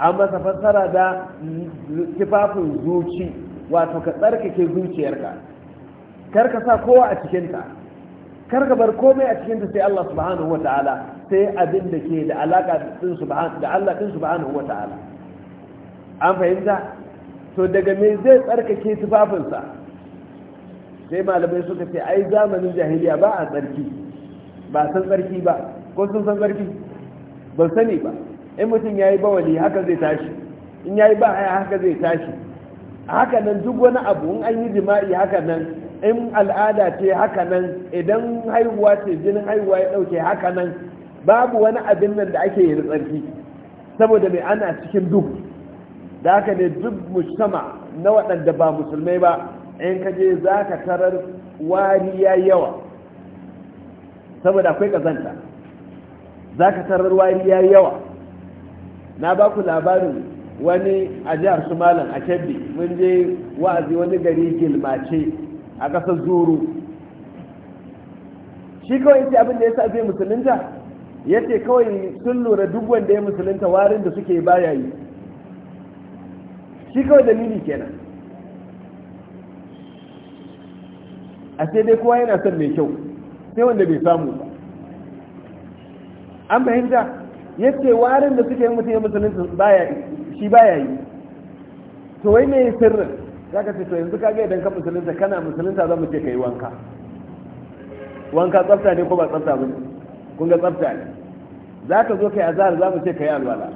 an masa fassara da tufafin zuci wato ka tsarkake zuciyarka kar ka sa kowa a cikinta kar ka bar komai a cikinta sai Allah subhanahu wa ta'ala sai abin da ke da alaka da Allah din subhanahu wa ta'ala an fahimta to daga me zai tsarkake tufafinsa sai malamai suka ce ai zamanin jahiliya ba a tsarki ba san tsarki ba ko sun san tsarki ba sani ba in mutum ya yi bawali haka zai tashi in ya yi bahaya haka zai tashi haka nan duk wani abu in an yi jima'i haka nan in al'ada ce haka nan idan haihuwa ce jinin haihuwa ya ɗauke haka nan babu wani abin nan da ake yi tsarki saboda mai ana cikin duk da haka ne duk mujtama na waɗanda ba musulmai ba in ka je za ka tarar wariya yawa saboda akwai ƙazanta za ka tarar wariya yawa na ba ku labarin wani a jihar su malam a kebbi mun je wa'azi wani gari gilmace a ƙasar zuru shi kawai yace abin da ya sa zai musulunta yace kawai sun lura duk wanda ya musulunta warin da suke baya yi shi kawai dalili kenan a sai dai kowa yana son mai kyau sai wanda bai samu ba an fahimta yace warin da suke mutu ya musulunci baya shi baya yi to wai mai sirrin ka ce to yanzu gaya idan ka musulunta kana musulunta za mu ce yi wanka wanka tsafta ne ko ba tsafta ba ne kun ga tsafta ne za ka zo kai azara za mu ce yi alwala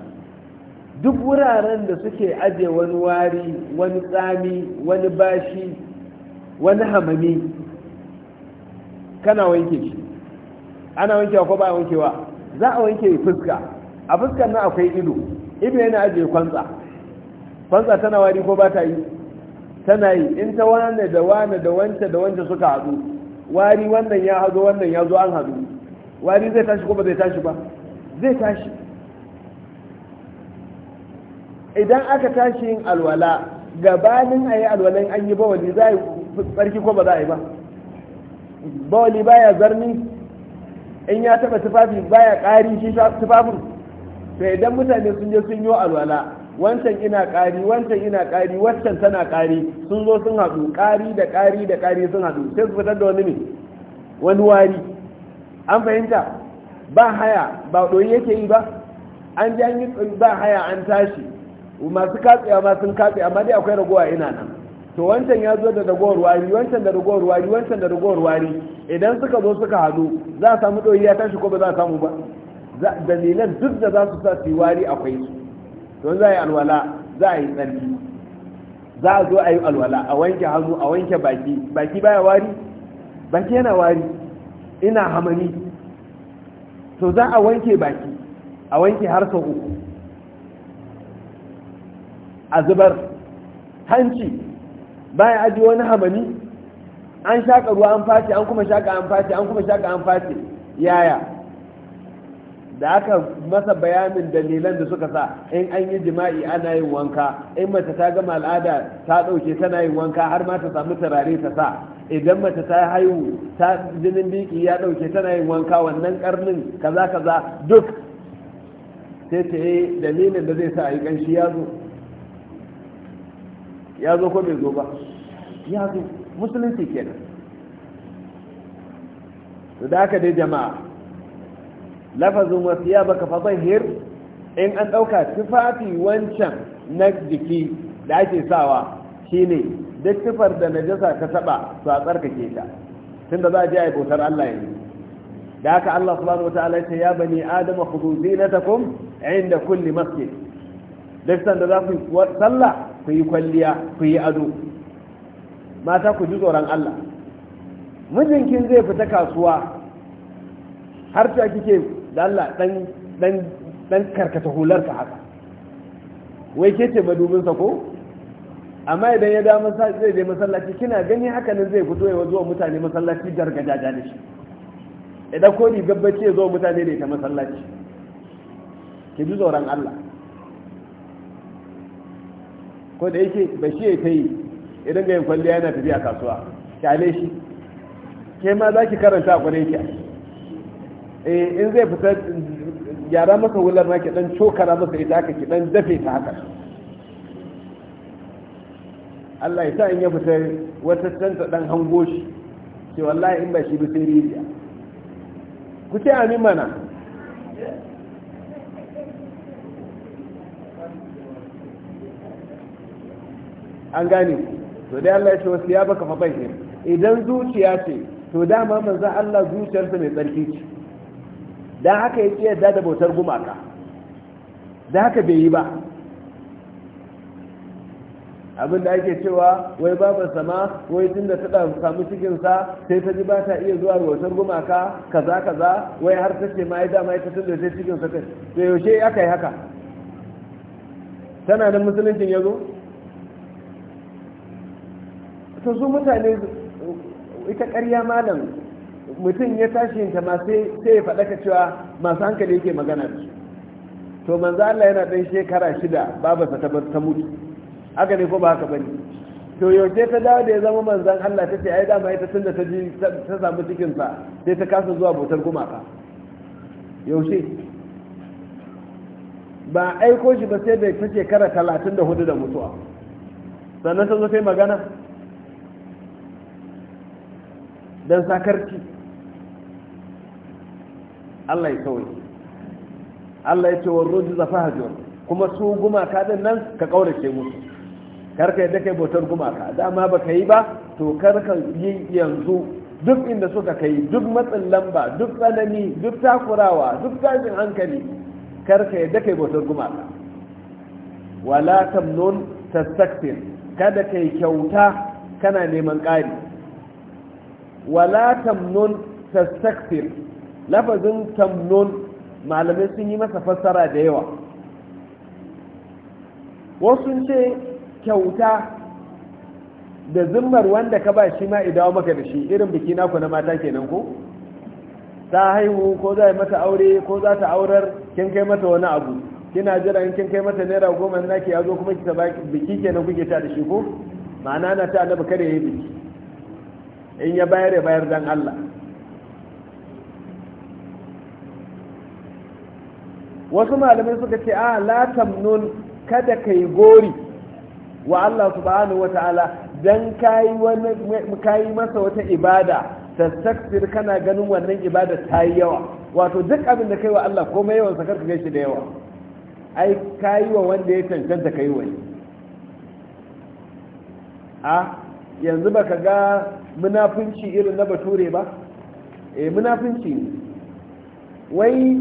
duk wuraren da suke aje wani wari wani tsami wani bashi wani hamami kana wanke shi ana wankewa ko ba wankewa za a wanke fuska a fuskan na akwai ido ido yana ajiye kwantsa kwantsa tana wari ko ba ta yi tana yi in ta wane da wane da wance da wance suka haɗu wari wannan ya hazo wannan ya zo an haɗu wari zai tashi ko ba zai tashi ba zai tashi idan aka tashi yin alwala gabanin a yi alwalan an yi bawali za a yi tsarki ko ba za a yi ba bawali baya zarni in ya taba tufafi baya ƙari shi tufafin to idan mutane sun je sun yi alwala wancan ina ƙari wancan ina ƙari wancan tana ƙari sun zo sun haɗu ƙari da ƙari da ƙari sun haɗu sai su fitar da wani ne wani wari an fahimta ba haya ba ɗoyi yake yi ba an ji an yi ba haya an tashi masu katsewa ma sun katse amma dai akwai ragowa ina nan to wancan ya zo da ragowar wari wancan da ragowar wari wancan da ragowar wari idan suka zo suka hadu za a samu ɗoyi ya tashi ko ba za a samu ba dalilan duk da za su sa su yi wari akwai su to za a yi alwala za a yi tsarki za a zo a yi alwala a wanke hannu a wanke baki baki baya wari baki yana wari ina hamani to za a wanke baki a wanke har sau uku a zubar hanci baya aji wani hamani an shaƙa ruwa an face an kuma shaƙa an face an kuma shaƙa an face yaya da aka masa bayanin dalilan da suka sa in an yi jima'i ana yin wanka in mace ta gama al'ada ta ɗauke tana yin wanka har ma ta samu turare ta sa idan mace ta haihu ta jinin biki ya ɗauke tana yin wanka wannan karnin kaza kaza duk sai ta yi dalilin da zai sa a yi ƙanshi ya zo ya zo ko bai zo ba ya zo musulunci kenan to da aka dai jama'a lafazin wasiya baka hir in an ɗauka tufafi wancan na jiki da ake sawa shine duk tufar da najasa ka taɓa to a tsarkake ta tunda za a je a bautar Allah yanzu da aka Allah subhanahu wataala ya ya bani adama khudhu zinatakum inda kulli masjid duk sanda za ku sallah ku yi kwalliya ku yi ado mata ku ji tsoron Allah mijinkin zai fita kasuwa har ta kike da Allah dan dan dan karkata hularka haka wai ke ce madubinsa ko amma idan ya da zai je masallaci kina gani haka ne zai fito ya zuwa mutane masallaci gargajaja da shi idan ko ni gabbace zo mutane da ita masallaci ki ji tsoron Allah ko da yake ba shi ya ta yi idan ga yin kwalliya yana tafiya kasuwa kyale shi ke ma za ki karanta a kwarai kya eh, in zai fita gyara masa wular na ki dan cokara masa ita haka ki dan dafe ta haka Allah ya sa in ya fita wata canza dan hango shi ce wallahi in ba shi bi sai ku ce amin mana an gane to dai Allah ya ce wasu ya baka mabayin idan zuciya ce to dama manzan Allah zuciyarsa mai tsarki ce don haka ya yadda da bautar gumaka da haka bai yi ba abin da ake cewa wai babu sama wai tun da ta samu cikinsa sai ta ji ba ta iya zuwa bautar gumaka kaza kaza wai har ta ce ma ya dama ya da ta cikinsa kai to yaushe aka yi haka tana nan musuluncin ya zo ta zo mutane ita ƙarya malam mutum ya tashi yinta ma sai ya faɗa ka cewa masu hankali yake magana da su to manzo Allah yana ɗan shekara shida sa ta ta mutu haka ne ko ba haka bane to yaushe ta dawo da ya zama manzan Allah ta ce ai ma ita da ta ji ta samu cikin sa sai ta kasa zuwa bautar gumaka yaushe ba aiko shi ba sai da ta shekara talatin da hudu da mutuwa sannan ta zo sai magana don sakarci Allah ya kawai Allah ya ce wa roji zafi hajjiyar kuma su gumaka din nan ka ƙaurace musu karka yadda kai bautar gumaka dama ba ka yi ba to karka yi yanzu duk inda suka kai duk matsin lamba duk tsanani duk takurawa duk tashin hankali karka yadda kai bautar gumaka wala tamnun tastaktir kada kai kyauta kana neman ƙari wala tamnun tastakfir lafazin tamnun malamai sun yi masa fassara da yawa wasu ce kyauta da zimmar wanda ka ba shi ma idawa maka da shi irin biki naku na mata kenan ko ta haihu ko za mata aure ko za ta aurar kin kai mata wani abu kina jira in kin kai mata naira goma naki ya zo kuma ki ta biki kenan kuke ta da shi ko ma'ana na ta annabi kada yayi biki in ya bayar ya bayar dan Allah wasu malamai suka ce a ah, la tamnun kada kai gori wa Allah subhanahu wata'ala dan kai wani yi masa wata ibada tastakfir kana ganin wannan ibada ta yi yawa wato duk abin da kai wa Allah komai yawan sa karka shi da yawa ai yi wa wanda ya cancanta kai wani a ah, yanzu baka ga munafunci irin na bature ba eh munafunci ne wai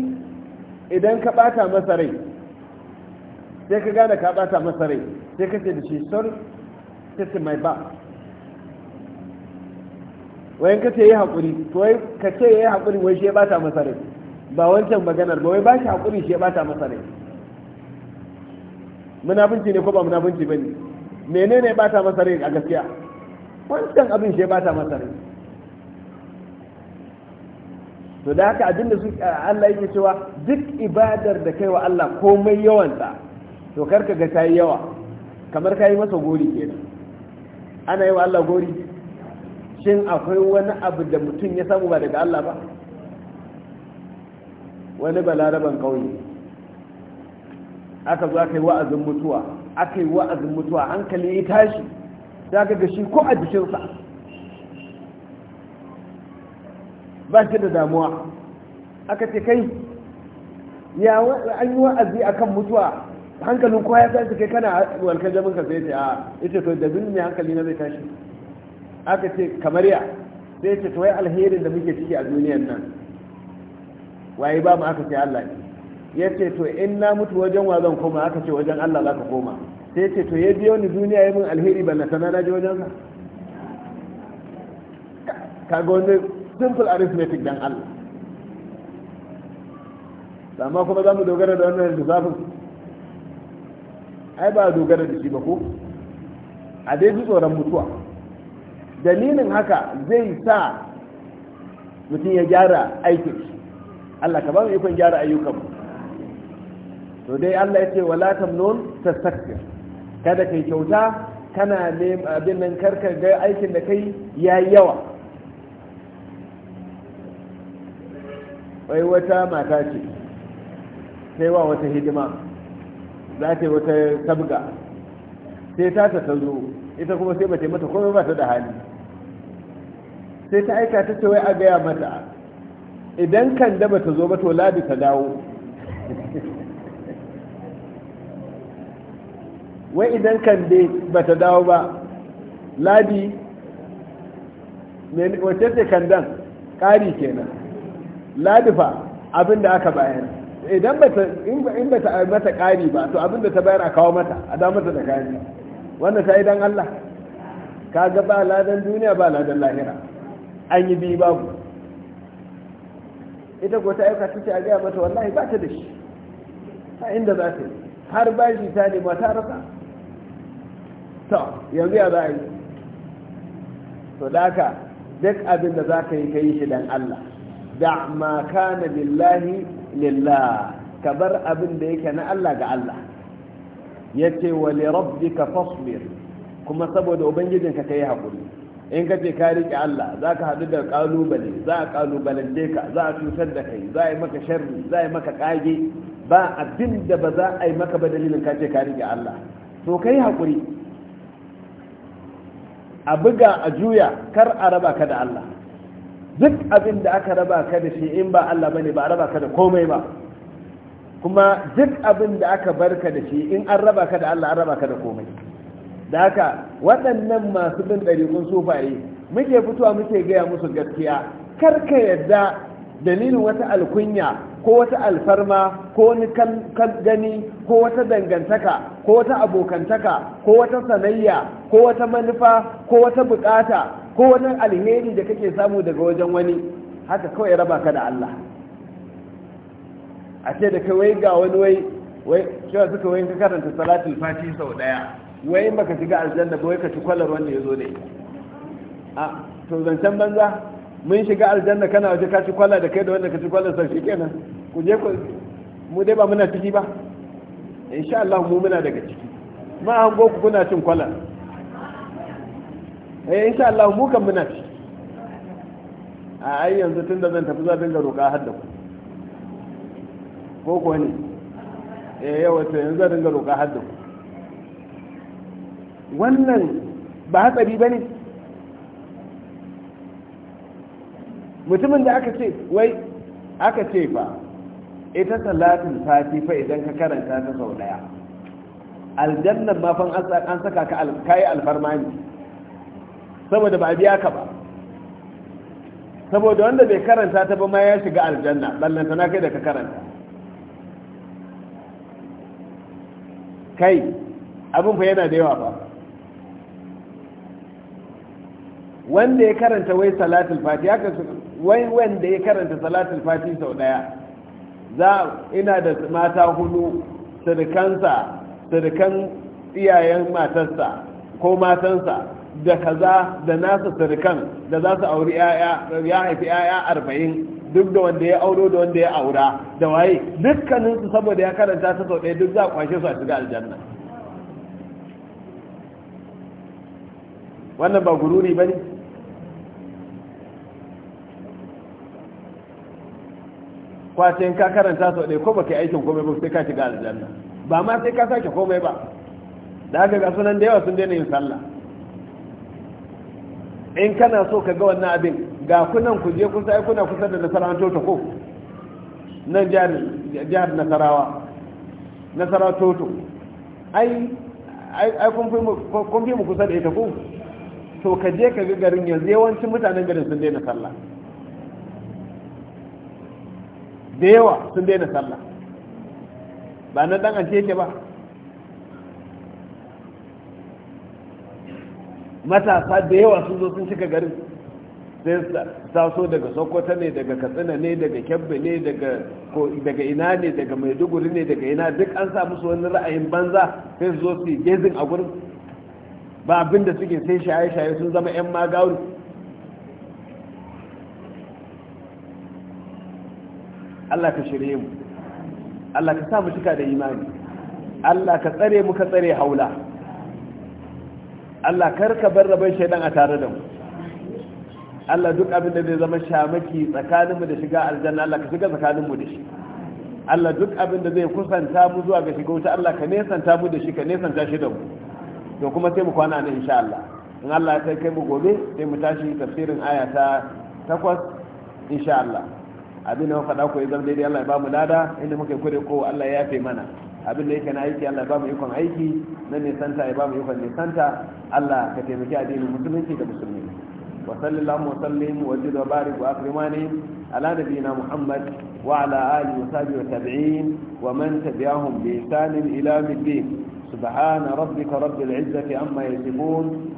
idan ka bata masa rai sai ka gane ka bata masa rai sai ka ce da shi sorry this is my back wayan ka ce yi haƙuri to wai ka ce yi haƙuri wai shi ya bata masa rai ba wancan maganar ba wai ba shi haƙuri shi ya bata masa rai munafunci ne ko ba munafunci ba ne menene bata masa rai a gaskiya wancan abin shi ba ta masa rai to da haka abin da su Allah yake cewa duk ibadar da kai wa Allah komai yawanta to karka ga ta yi yawa kamar ka yi masa gori kenan ana yi wa Allah gori shin akwai wani abu da mutum ya samu ba daga Allah ba wani balaraban kauye aka zo aka yi wa'azin mutuwa aka yi wa'azin mutuwa hankali ya tashi ya ka ga shi ko a jikinsa ba shi da damuwa aka ce kai ya an yi wa'azi a kan mutuwa hankalin kowa ya tashi kai kana walkar jamin ka sai ce a ita to da zulmi hankali na zai tashi aka ce kamar ya sai ce to wai alherin da muke ciki a duniyan nan waye ba mu aka ce Allah ne ya ce to in na mutu wajen wa zan koma aka ce wajen Allah za ka koma sai ce to ya biyo ni duniya ya min alheri ba na sana na ji wajen sa kaga wani simple arithmetic dan Allah amma kuma za mu dogara da wannan lissafin ai ba dogara da shi ba ko a dai ji tsoron mutuwa dalilin haka zai sa mutum ya gyara aikin Allah ka ba mu ikon gyara ayyukanmu to dai Allah ya ce wala tamnun tasakkir kada kai kyauta kana abin nan karka ga aikin da kai ya yi yawa wai wata mata ce sai wa wata hidima za ta yi wata sabga sai ta ta zo ita kuma sai ba ta yi mata komai ba ta da hali sai ta aika ta ce wai a gaya mata idan kan da ba ta zo ba to labi ta dawo wai idan kande ba ta dawo ba ladi wacce ce kandan ƙari kenan ladifa abin da aka bayar idan in ba ta mata ƙari ba to abin da ta bayar a kawo mata a da mata da ƙari wanda ta idan Allah ka ga ba ladan duniya ba ladan lahira an yi biyu babu ita ko ta aika ta ce a gaya mata wallahi ba ta da shi ta inda za ta yi har bashi ta nema ta rasa to yanzu ya za a yi to daka duk abin da za ka yi ka yi shi Allah da ma kana lillahi lillah ka bar abin da yake na Allah ga Allah yace wa li rabbika fasbir kuma saboda ubangijinka yi hakuri in ka ce ka riƙe Allah za ka haɗu da ƙalubale za a ƙalubalance ka za a cutar da kai za a yi maka sharri za a yi maka ƙage ba abin da ba za a yi maka ba dalilin ka ce ka riƙe Allah to ka yi haƙuri a buga a juya kar a raba ka da Allah duk abin da aka raba ka da shi in ba Allah bane ba a raba ka da komai ba kuma duk abin da aka bar ka da shi in an raba ka da Allah an raba ka da komai da haka waɗannan masu bin ɗariƙun sufaye muke fitowa muke gaya musu gaskiya kar ka yadda dalilin wata alkunya ko wata alfarma ko wani gani ko wata dangantaka ko wata abokantaka ko wata sanayya ko wata manufa ko wata bukata ko wani alheri da kake samu daga wajen wani haka kawai raba ka da Allah a ce da kawai ga wani wai wai wasu kawai ka karanta salatin fati sau daya wai maka shiga aljanna ba wai ka ci kwalar wanda ya zo da a to zancen banza mun shiga aljanna kana waje ka ci kwala da kai da wanda ka ci kwalla sai kenan ku je ku mu dai ba muna ciki ba insha Allah mu muna daga ciki ma an go ku kuna cin kwala. eh insha Allah mu kan muna ciki a ai yanzu tunda zan tafi zan dinga roƙa har da ku ko ko ne eh yawa sai yanzu zan dinga roƙa har da ku wannan ba hatsari bane mutumin da aka ce wai aka ce fa ita Talatin fati fa idan ka karanta ta sau daya aljannan mafan fan an saka ka kai alfarma ne saboda ba biya ka ba saboda wanda bai karanta ta ba ma ya shiga aljanna ballanta na kai da ka karanta kai abin fa yana da yawa ba wanda ya karanta wai salatul fati ya kan wai wanda ya karanta salatul fati sau daya za ina da mata hudu sirkansa sirkan iyayen matarsa ko matansa da kaza da nasa sirkan da za su auri ya haifi yaya arba'in duk da wanda ya auro da wanda ya aura da waye dukkaninsu saboda ya karanta ta sau ɗaya duk za a kwashe su a shiga aljanna wannan ba gururi ba ne kwatin ka karanta sau ɗaya ko baka yi aikin komai ba sai ka shiga aljanna ba ma sai ka sake komai ba da haka ga sunan da yawa sun daina yin sallah in kana so ka ga wannan abin ga kunan ku je kusa ai kuna kusa da nasarawa toto ko nan jihar nasarawa nasarawa toto ai ai kun fi mu kusa da ita ko to ka je ka ga garin yanzu yawancin mutanen garin sun daina sallah da yawa sun daina sallah ba na dan ance yake ba matasa da yawa sun zo sun cika garin sai taso daga sokoto ne daga katsina ne daga kyabbe ne daga ina ne daga maiduguri ne daga ina duk an samu musu wani ra'ayin banza sai su zo su yi gezin a gurin ba abin da suke sai shaye-shaye sun zama 'yan magawun Allah ka shirye mu Allah ka sa mu cika da imani Allah ka tsare mu ka tsare haula Allah kar ka bar rabai shaidan a tare da mu Allah duk abin da zai zama shamaki tsakaninmu da shiga aljanna Allah ka shiga tsakaninmu da shi Allah duk abin da zai kusanta mu zuwa ga shiga wuta Allah ka nesanta mu da shi ka nesanta shi da mu to kuma sai mu kwana nan insha Allah in Allah ya kai mu gobe sai mu tashi tafsirin aya ta 8 insha Allah abin da muka faɗa ko zama daidai Allah ya bamu mu lada inda muka yi kure ko Allah ya yafe mana abin da yake na aiki Allah ya ba mu ikon aiki na nisanta ya ba ikon nisanta Allah ka taimaki addinin musulunci da musulmi wa sallallahu wa sallim wa jid wa barik wa akrimani ala nabiyina Muhammad wa ala alihi wa sahbihi wa tabi'in wa man tabi'ahum bi ihsan ila yawm الدين سبحان ربك رب العزة عما